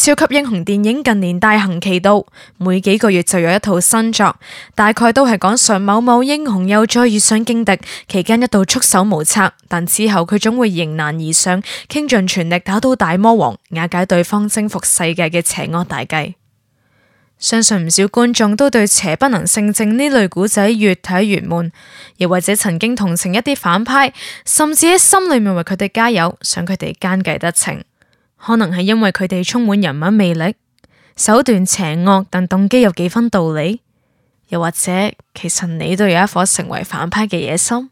超級英雄電影近年大行其道，每幾個月就有一套新作，大概都係講上某某英雄又再遇上勁敵，期間一度束手無策，但之後佢總會迎難而上，傾盡全力打倒大魔王，瓦解對方征服世界嘅邪惡大計。相信唔少觀眾都對邪不能勝正呢類故仔越睇越悶，又或者曾經同情一啲反派，甚至喺心裏面為佢哋加油，想佢哋奸計得逞。可能係因為佢哋充滿人物魅力，手段邪惡，但動機有幾分道理。又或者，其實你都有一顆成為反派嘅野心，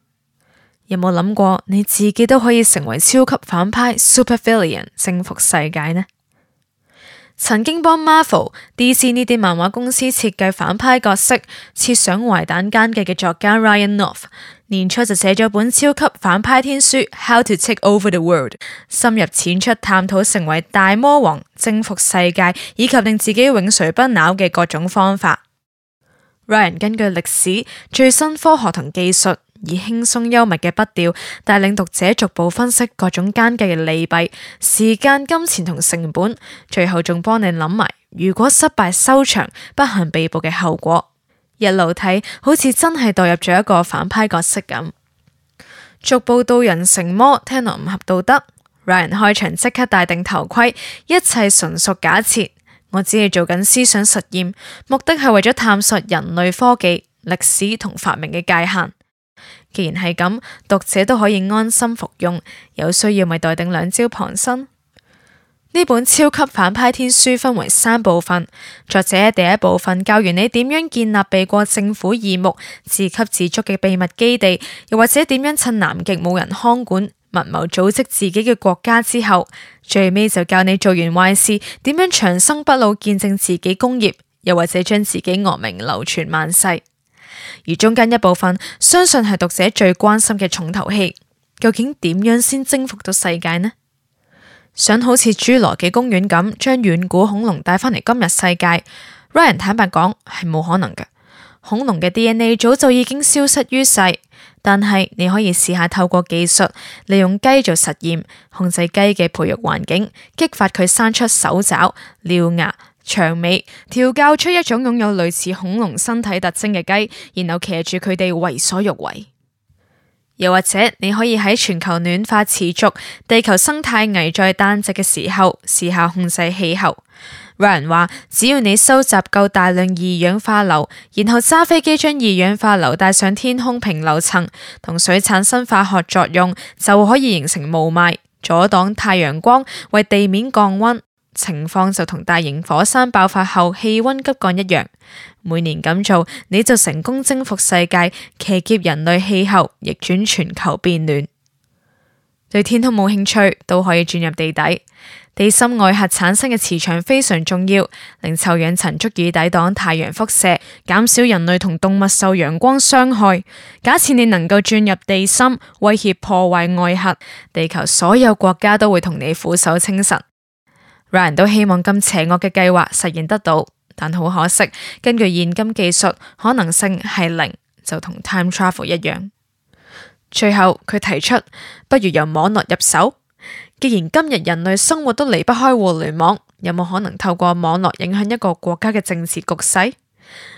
有冇諗過你自己都可以成為超級反派 （super f i l i a i n 征服世界呢？曾經幫 Marvel、DC 呢啲漫畫公司設計反派角色、設想壞蛋奸計嘅作家 Ryan North 年初就寫咗本超級反派天書《How to Take Over the World》，深入淺出探討成為大魔王、征服世界以及令自己永垂不朽嘅各種方法。Ryan 根據歷史、最新科學同技術。以輕鬆幽默嘅筆調帶領讀者逐步分析各種奸計嘅利弊、時間、金錢同成本，最後仲幫你諗埋如果失敗收場、不幸被捕嘅後果。一路睇好似真係代入咗一個反派角色咁，逐步到人成魔，聽落唔合道德。Ryan 開場即刻戴定頭盔，一切純屬假設，我只係做緊思想實驗，目的係為咗探索人類科技、歷史同發明嘅界限。既然係咁，讀者都可以安心服用。有需要咪待定兩招傍身。呢本超級反派天書分為三部分，作者第一部分教完你點樣建立避過政府耳目、自給自足嘅秘密基地，又或者點樣趁南極冇人看管，密謀組織自己嘅國家之後，最尾就教你做完壞事點樣長生不老，見證自己功業，又或者將自己惡名流傳萬世。而中間一部分，相信係讀者最關心嘅重頭戲，究竟點樣先徵服到世界呢？想好似侏羅紀公園咁，將遠古恐龍帶翻嚟今日世界，Ryan 坦白講係冇可能嘅。恐龍嘅 DNA 早就已經消失於世，但係你可以試下透過技術，利用雞做實驗，控制雞嘅培育環境，激發佢生出手爪、獠牙。長尾調教出一種擁有類似恐龍身體特徵嘅雞，然後騎住佢哋為所欲為。又或者，你可以喺全球暖化持續、地球生態危在旦夕嘅時候，試下控制氣候。有人話，只要你收集夠大量二氧化硫，然後揸飛機將二氧化硫帶上天空平流層，同水產生化學作用，就可以形成霧霾，阻擋太陽光，為地面降溫。情況就同大型火山爆發後氣溫急降一樣，每年咁做你就成功征服世界，騎劫人類氣候，逆轉全球變暖。對天空冇興趣都可以轉入地底，地心外核產生嘅磁場非常重要，令臭氧層足以抵擋太陽輻射，減少人類同動物受陽光傷害。假設你能夠轉入地心，威脅破壞外核，地球所有國家都會同你俯首稱臣。Ryan 都希望咁邪惡嘅計劃實現得到，但好可惜，根據現今技術，可能性係零，就同 time travel 一樣。最後佢提出，不如由網絡入手。既然今日人類生活都離不開互聯網，有冇可能透過網絡影響一個國家嘅政治局勢？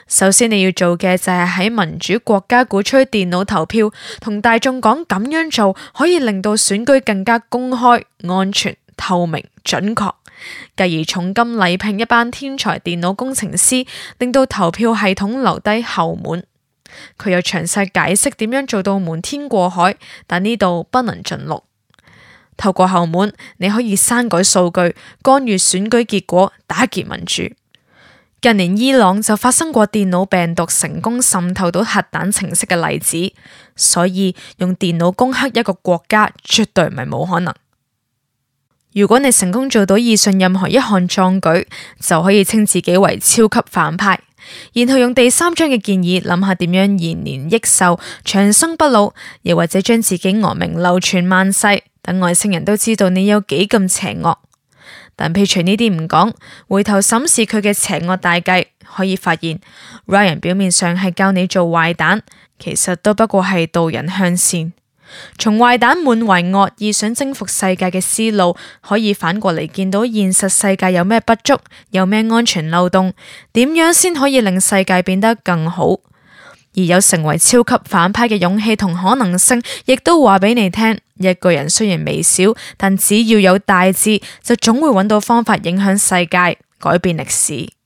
首先你要做嘅就係喺民主國家鼓吹電腦投票，同大眾講咁樣做可以令到選舉更加公開、安全、透明、準確。繼而重金禮聘一班天才電腦工程師，令到投票系統留低後門。佢又詳細解釋點樣做到瞞天過海，但呢度不能盡錄。透過後門，你可以刪改數據、干預選舉結果、打劫民主。近年伊朗就發生過電腦病毒成功滲透到核彈程式嘅例子，所以用電腦攻克一個國家絕對唔係冇可能。如果你成功做到以上任何一項壯舉，就可以稱自己為超級反派。然後用第三章嘅建議諗下點樣延年益壽、長生不老，又或者將自己惡名流傳萬世，等外星人都知道你有幾咁邪惡。但撇除呢啲唔講，回頭審視佢嘅邪惡大計，可以發現 Ryan 表面上係教你做壞蛋，其實都不過係導人向善。從壞蛋滿懷惡意想征服世界嘅思路，可以反過嚟見到現實世界有咩不足，有咩安全漏洞，點樣先可以令世界變得更好？而有成為超級反派嘅勇氣同可能性，亦都話俾你聽：一個人雖然微小，但只要有大志，就總會揾到方法影響世界，改變歷史。